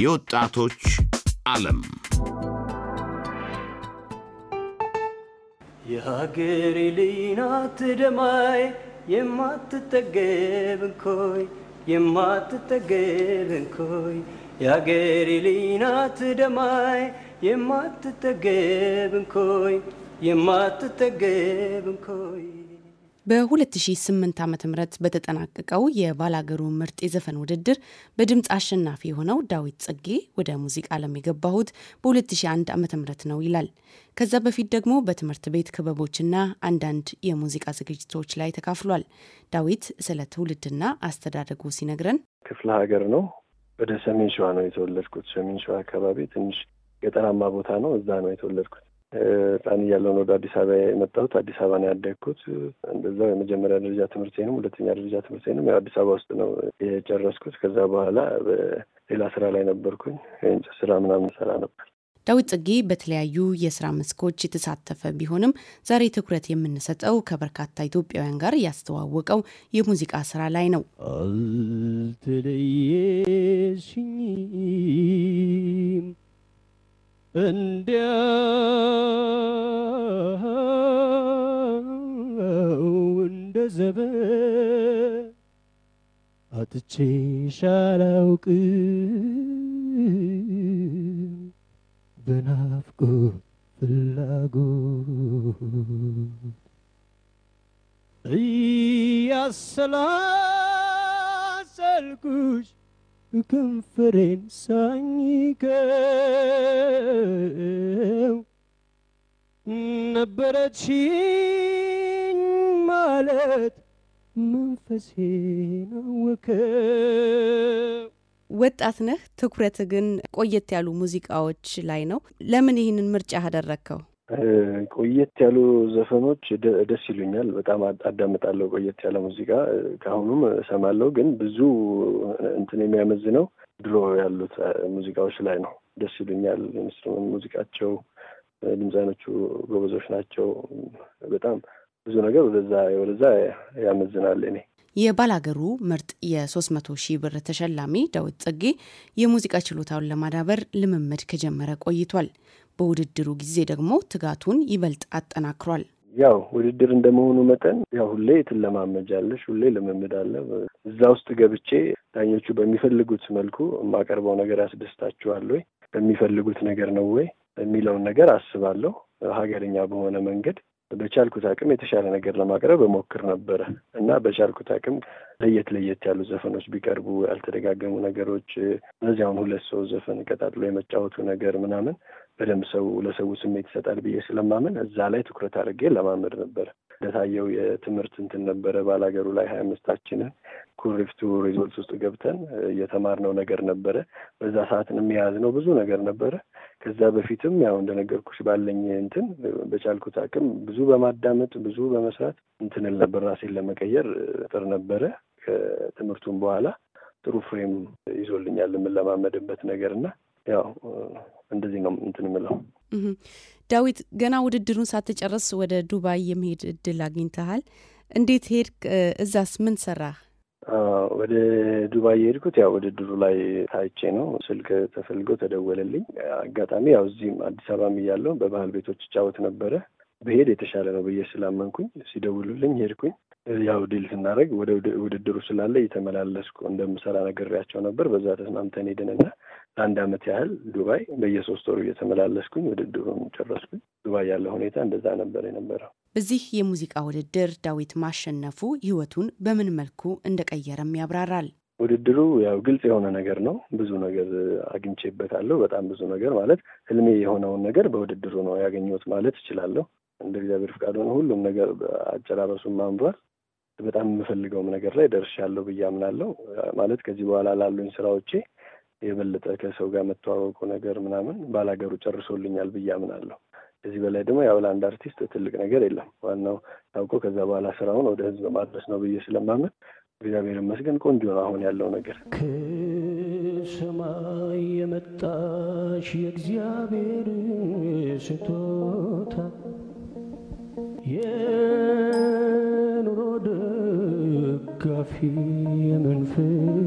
የወጣቶች ዓለም የሀገሬ ልጅ ናት ደማይ የማትጠገብ እንኮይ የማትጠገብ እንኮይ የሀገሬ ልጅ ናት ደማይ የማትጠገብ እንኮይ የማትጠገብ እንኮይ በ2008 ዓ ም በተጠናቀቀው የባላገሩ ምርጥ የዘፈን ውድድር በድምፅ አሸናፊ የሆነው ዳዊት ጽጌ ወደ ሙዚቃ ዓለም የገባሁት በ2001 ዓ ም ነው ይላል። ከዛ በፊት ደግሞ በትምህርት ቤት ክበቦችና አንዳንድ የሙዚቃ ዝግጅቶች ላይ ተካፍሏል። ዳዊት ስለ ትውልድና አስተዳደጉ ሲነግረን ክፍለ ሀገር ነው። ወደ ሰሜን ሸዋ ነው የተወለድኩት። ሰሜን ሸዋ አካባቢ ትንሽ ገጠራማ ቦታ ነው። እዛ ነው የተወለድኩት። ህፃን እያለሁ ወደ አዲስ አበባ የመጣሁት። አዲስ አበባ ነው ያደግኩት። እንደዛው የመጀመሪያ ደረጃ ትምህርቴንም ሁለተኛ ደረጃ ትምህርቴንም ያው አዲስ አበባ ውስጥ ነው የጨረስኩት። ከዛ በኋላ ሌላ ስራ ላይ ነበርኩኝ። የእንጨት ስራ ምናምን ሰራ ነበር። ዳዊት ጽጌ በተለያዩ የስራ መስኮች የተሳተፈ ቢሆንም ዛሬ ትኩረት የምንሰጠው ከበርካታ ኢትዮጵያውያን ጋር ያስተዋወቀው የሙዚቃ ስራ ላይ ነው። አልተለየሽኝም እንዲያ ተዘበ አጥቼሽ አላውቅም በናፍቆት ፍላጎት እያሰላሰልኩሽ ከንፈሬን ሳኝከው ነበረችኝ ማለት መንፈሴን አወከው። ወጣት ነህ፣ ትኩረት ግን ቆየት ያሉ ሙዚቃዎች ላይ ነው። ለምን ይህንን ምርጫ አደረግከው? ቆየት ያሉ ዘፈኖች ደስ ይሉኛል። በጣም አዳምጣለሁ። ቆየት ያለ ሙዚቃ ከአሁኑም እሰማለሁ። ግን ብዙ እንትን የሚያመዝነው ድሮ ያሉት ሙዚቃዎች ላይ ነው። ደስ ይሉኛል። ኢንስትሩመንት ሙዚቃቸው፣ ድምፃኖቹ ጎበዞች ናቸው በጣም ብዙ ነገር ወደዛ ወደዛ ያመዝናል። እኔ የባላገሩ ምርጥ የ300 ሺህ ብር ተሸላሚ ዳዊት ጽጌ የሙዚቃ ችሎታውን ለማዳበር ልምምድ ከጀመረ ቆይቷል። በውድድሩ ጊዜ ደግሞ ትጋቱን ይበልጥ አጠናክሯል። ያው ውድድር እንደመሆኑ መጠን ያው ሁሌ ትለማመጃለሽ፣ ሁሌ ልምምድ አለ። እዛ ውስጥ ገብቼ ዳኞቹ በሚፈልጉት መልኩ የማቀርበው ነገር ያስደስታችኋል ወይ፣ በሚፈልጉት ነገር ነው ወይ የሚለውን ነገር አስባለሁ። ሀገርኛ በሆነ መንገድ በቻልኩት አቅም የተሻለ ነገር ለማቅረብ እሞክር ነበረ እና በቻልኩት አቅም ለየት ለየት ያሉ ዘፈኖች ቢቀርቡ፣ ያልተደጋገሙ ነገሮች፣ እነዚያውን ሁለት ሰው ዘፈን ቀጣጥሎ የመጫወቱ ነገር ምናምን በደንብ ሰው ለሰው ስሜት ይሰጣል ብዬ ስለማምን እዛ ላይ ትኩረት አድርጌ ለማመድ ነበረ። እንደታየው የትምህርት እንትን ነበረ ባላገሩ ላይ ሀያ አምስታችንን ኩሪፍቱ ሪዞርት ውስጥ ገብተን የተማርነው ነገር ነበረ። በዛ ሰዓትንም የያዝነው ብዙ ነገር ነበረ። ከዛ በፊትም ያው እንደነገርኩሽ ባለኝ እንትን በቻልኩት አቅም ብዙ በማዳመጥ ብዙ በመስራት እንትንል ነበር ራሴን ለመቀየር ጥር ነበረ። ከትምህርቱም በኋላ ጥሩ ፍሬም ይዞልኛል የምለማመድበት ነገር እና ያው እንደዚህ ነው እንትን ምለው። ዳዊት ገና ውድድሩን ሳትጨርስ ወደ ዱባይ የመሄድ እድል አግኝተሃል። እንዴት ሄድክ? እዛስ ምን ሰራህ? ወደ ዱባይ የሄድኩት ያው ውድድሩ ላይ ታይቼ ነው። ስልክ ተፈልጎ ተደወለልኝ። አጋጣሚ ያው እዚህም አዲስ አበባም እያለሁ በባህል ቤቶች እጫወት ነበረ። ብሄድ የተሻለ ነው ብዬ ስላመንኩኝ ሲደውሉልኝ ሄድኩኝ። ያው ድል ስናደርግ ወደ ውድድሩ ስላለ እየተመላለስኩ እንደምሰራ ነግሬያቸው ነበር። በዛ ተስማምተን ሄድንና ለአንድ አመት ያህል ዱባይ በየሶስት ወሩ እየተመላለስኩኝ ውድድሩን ጨረስኩኝ። ዱባይ ያለ ሁኔታ እንደዛ ነበር የነበረው። በዚህ የሙዚቃ ውድድር ዳዊት ማሸነፉ ህይወቱን በምን መልኩ እንደቀየረም ያብራራል። ውድድሩ ያው ግልጽ የሆነ ነገር ነው። ብዙ ነገር አግኝቼበታለሁ። በጣም ብዙ ነገር ማለት ህልሜ የሆነውን ነገር በውድድሩ ነው ያገኘሁት ማለት እችላለሁ። እንደ እግዚአብሔር ፍቃድ ሁሉም ነገር አጨራረሱም አምሯል። በጣም የምፈልገውም ነገር ላይ ደርሻለሁ ብዬ አምናለሁ። ማለት ከዚህ በኋላ ላሉኝ ስራዎቼ የበለጠ ከሰው ጋር መተዋወቁ ነገር ምናምን ባላገሩ ጨርሶልኛል ብዬ አምናለሁ። ከዚህ በላይ ደግሞ ያው ለአንድ አርቲስት ትልቅ ነገር የለም። ዋናው ታውቆ ከዛ በኋላ ስራውን ወደ ህዝብ ማድረስ ነው ብዬ ስለማምን እግዚአብሔር ይመስገን ቆንጆ ነው አሁን ያለው ነገር። ከሰማይ የመጣሽ የእግዚአብሔር ስጦታ የኑሮ ደጋፊ የመንፈስ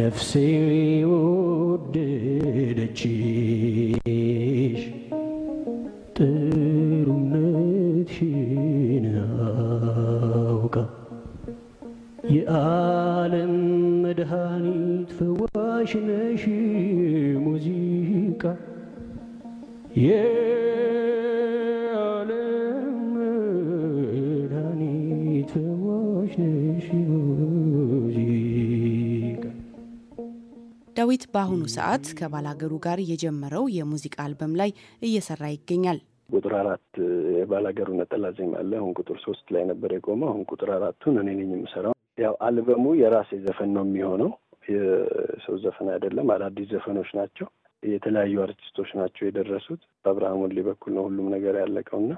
ነፍሴ ወደደችሽ ጥሩነትሽን አውቃ የዓለም መድኃኒት ፈዋሽ ነሽ ሙዚቃ የዓለም መድኃኒት ፈዋሽ ነሽ ዳዊት በአሁኑ ሰዓት ከባላገሩ ጋር የጀመረው የሙዚቃ አልበም ላይ እየሰራ ይገኛል። ቁጥር አራት የባላገሩ ነጠላ ዜማ አለ። አሁን ቁጥር ሶስት ላይ ነበር የቆመ። አሁን ቁጥር አራቱን እኔ ነኝ የምሰራው። ያው አልበሙ የራሴ ዘፈን ነው የሚሆነው። የሰው ዘፈን አይደለም። አዳዲስ ዘፈኖች ናቸው። የተለያዩ አርቲስቶች ናቸው የደረሱት። በአብርሃም ወሌ በኩል ነው ሁሉም ነገር ያለቀውና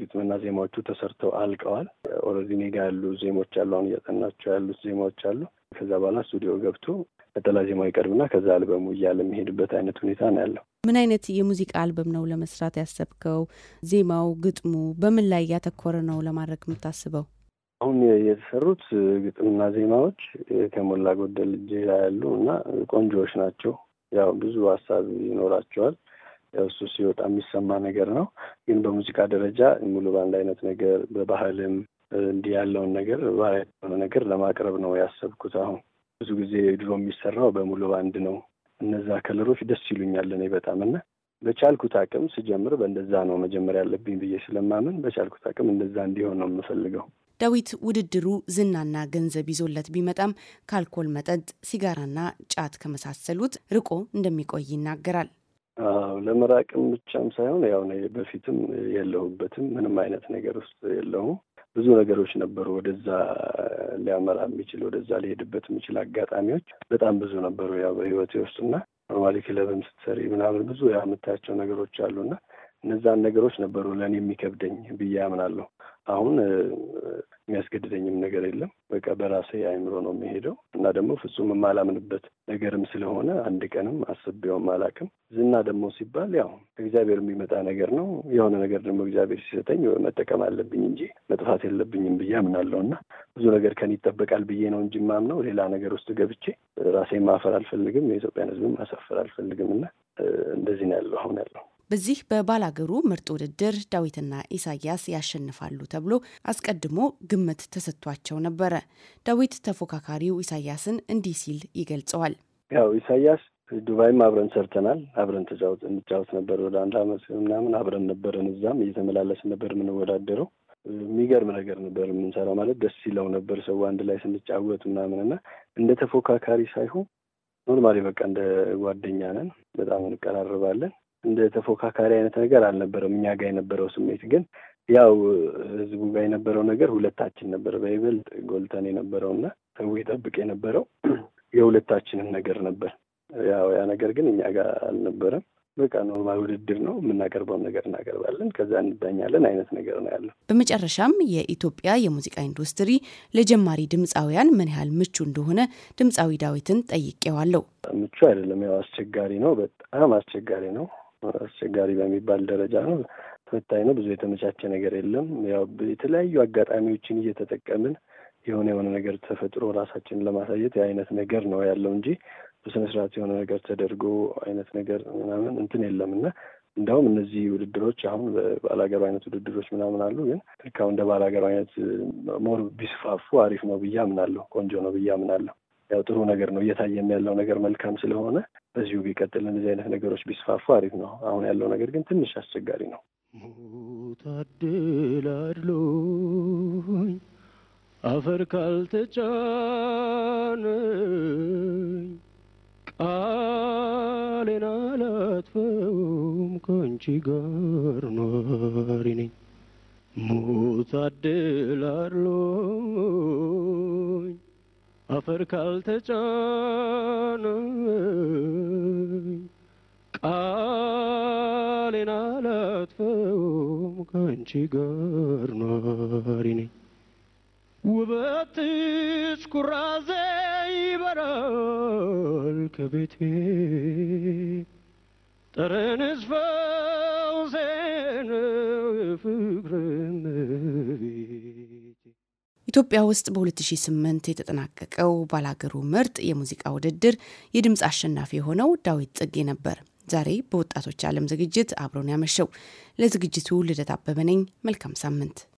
ግጥምና ዜማዎቹ ተሰርተው አልቀዋል። ኦልሬዲ እኔ ጋ ያሉ ዜሞች አሉ። አሁን እያጠናቸው ያሉት ዜማዎች አሉ። ከዛ በኋላ ስቱዲዮ ገብቶ ነጠላ ዜማው ይቀርብና ከዛ አልበሙ እያለ የሚሄድበት አይነት ሁኔታ ነው ያለው። ምን አይነት የሙዚቃ አልበም ነው ለመስራት ያሰብከው? ዜማው፣ ግጥሙ በምን ላይ እያተኮረ ነው ለማድረግ የምታስበው? አሁን የተሰሩት ግጥምና ዜማዎች ከሞላ ጎደል እጄ ያሉ እና ቆንጆዎች ናቸው። ያው ብዙ ሀሳብ ይኖራቸዋል። እሱ ሲወጣ የሚሰማ ነገር ነው። ግን በሙዚቃ ደረጃ ሙሉ በአንድ አይነት ነገር በባህልም እንዲህ ያለውን ነገር የሆነ ነገር ለማቅረብ ነው ያሰብኩት። አሁን ብዙ ጊዜ ድሮ የሚሰራው በሙሉ ባንድ ነው። እነዛ ከለሮች ደስ ይሉኛል እኔ በጣም እና በቻልኩት አቅም ስጀምር በእንደዛ ነው መጀመር ያለብኝ ብዬ ስለማምን በቻልኩት አቅም እንደዛ እንዲሆን ነው የምፈልገው። ዳዊት ውድድሩ ዝናና ገንዘብ ይዞለት ቢመጣም ከአልኮል መጠጥ፣ ሲጋራና ጫት ከመሳሰሉት ርቆ እንደሚቆይ ይናገራል። አዎ ለመራቅም ብቻም ሳይሆን ያው በፊትም የለሁበትም ምንም አይነት ነገር ውስጥ የለሁም ብዙ ነገሮች ነበሩ። ወደዛ ሊያመራ የሚችል ወደዛ ሊሄድበት የሚችል አጋጣሚዎች በጣም ብዙ ነበሩ። ያው በህይወቴ ውስጥና ኖርማሊ ክለብም ስትሰሪ ምናምን ብዙ ያመታቸው ነገሮች አሉና እነዛን ነገሮች ነበሩ ለእኔ የሚከብደኝ ብዬ አምናለሁ። አሁን የሚያስገድደኝም ነገር የለም። በቃ በራሴ አይምሮ ነው የሚሄደው እና ደግሞ ፍጹም የማላምንበት ነገርም ስለሆነ አንድ ቀንም አስቤውም አላውቅም። ዝና ደግሞ ሲባል ያው እግዚአብሔር የሚመጣ ነገር ነው። የሆነ ነገር ደግሞ እግዚአብሔር ሲሰጠኝ መጠቀም አለብኝ እንጂ መጥፋት የለብኝም ብዬ አምናለሁ እና ብዙ ነገር ከኔ ይጠበቃል ብዬ ነው እንጂ የማምነው ሌላ ነገር ውስጥ ገብቼ ራሴ ማፈር አልፈልግም። የኢትዮጵያን ሕዝብም ማሳፈር አልፈልግም እና እንደዚህ ነው ያለው አሁን ያለው በዚህ በባላገሩ ምርጥ ውድድር ዳዊትና ኢሳያስ ያሸንፋሉ ተብሎ አስቀድሞ ግምት ተሰጥቷቸው ነበረ። ዳዊት ተፎካካሪው ኢሳያስን እንዲህ ሲል ይገልጸዋል። ያው ኢሳያስ ዱባይም አብረን ሰርተናል። አብረን ተጫወት እንጫወት ነበር። ወደ አንድ አመት ምናምን አብረን ነበረን። እዛም እየተመላለስን ነበር የምንወዳደረው። የሚገርም ነገር ነበር የምንሰራው። ማለት ደስ ይለው ነበር ሰው አንድ ላይ ስንጫወት ምናምን እና እንደ ተፎካካሪ ሳይሆን ኖርማሊ በቃ እንደ ጓደኛ ነን። በጣም እንቀራርባለን እንደ ተፎካካሪ አይነት ነገር አልነበረም። እኛ ጋር የነበረው ስሜት ግን ያው ህዝቡ ጋር የነበረው ነገር ሁለታችን ነበር በይበልጥ ጎልተን የነበረው እና ሰው ይጠብቅ የነበረው የሁለታችንም ነገር ነበር። ያው ያ ነገር ግን እኛ ጋር አልነበረም። በቃ ኖርማል ውድድር ነው። የምናቀርበውን ነገር እናቀርባለን፣ ከዛ እንዳኛለን አይነት ነገር ነው ያለው። በመጨረሻም የኢትዮጵያ የሙዚቃ ኢንዱስትሪ ለጀማሪ ድምፃውያን ምን ያህል ምቹ እንደሆነ ድምፃዊ ዳዊትን ጠይቄዋለሁ። ምቹ አይደለም፣ ያው አስቸጋሪ ነው፣ በጣም አስቸጋሪ ነው። አስቸጋሪ በሚባል ደረጃ ነው። ተፈታኝ ነው። ብዙ የተመቻቸ ነገር የለም። ያው የተለያዩ አጋጣሚዎችን እየተጠቀምን የሆነ የሆነ ነገር ተፈጥሮ ራሳችንን ለማሳየት የአይነት ነገር ነው ያለው እንጂ በስነ ስርዓት የሆነ ነገር ተደርጎ አይነት ነገር ምናምን እንትን የለም እና እንዲያውም እነዚህ ውድድሮች አሁን ባላገሩ አይነት ውድድሮች ምናምን አሉ። ግን ልክ እንደ ባላገሩ አይነት ሞር ቢስፋፉ አሪፍ ነው ብዬ አምናለሁ። ቆንጆ ነው ብዬ አምናለሁ። ያው ጥሩ ነገር ነው። እየታየም ያለው ነገር መልካም ስለሆነ በዚሁ ቢቀጥል እንደዚህ አይነት ነገሮች ቢስፋፉ አሪፍ ነው። አሁን ያለው ነገር ግን ትንሽ አስቸጋሪ ነው። ታድላድሎኝ አፈር ካልተጫነኝ ቃሌን አላጥፈውም ከአንቺ ጋር ኗሪ ነኝ። ሞት አፈር ካልተጫነ ቃሌን አላጥፈውም ከአንቺ ጋር ኗሪ ነኝ። ውበትሽ ኩራዜ ይበራል ከቤቴ ጠረንሽ ፈውሴ ኢትዮጵያ ውስጥ በ2008 የተጠናቀቀው ባላገሩ ምርጥ የሙዚቃ ውድድር የድምፅ አሸናፊ የሆነው ዳዊት ጽጌ ነበር። ዛሬ በወጣቶች ዓለም ዝግጅት አብሮን ያመሸው። ለዝግጅቱ ልደት አበበ ነኝ። መልካም ሳምንት።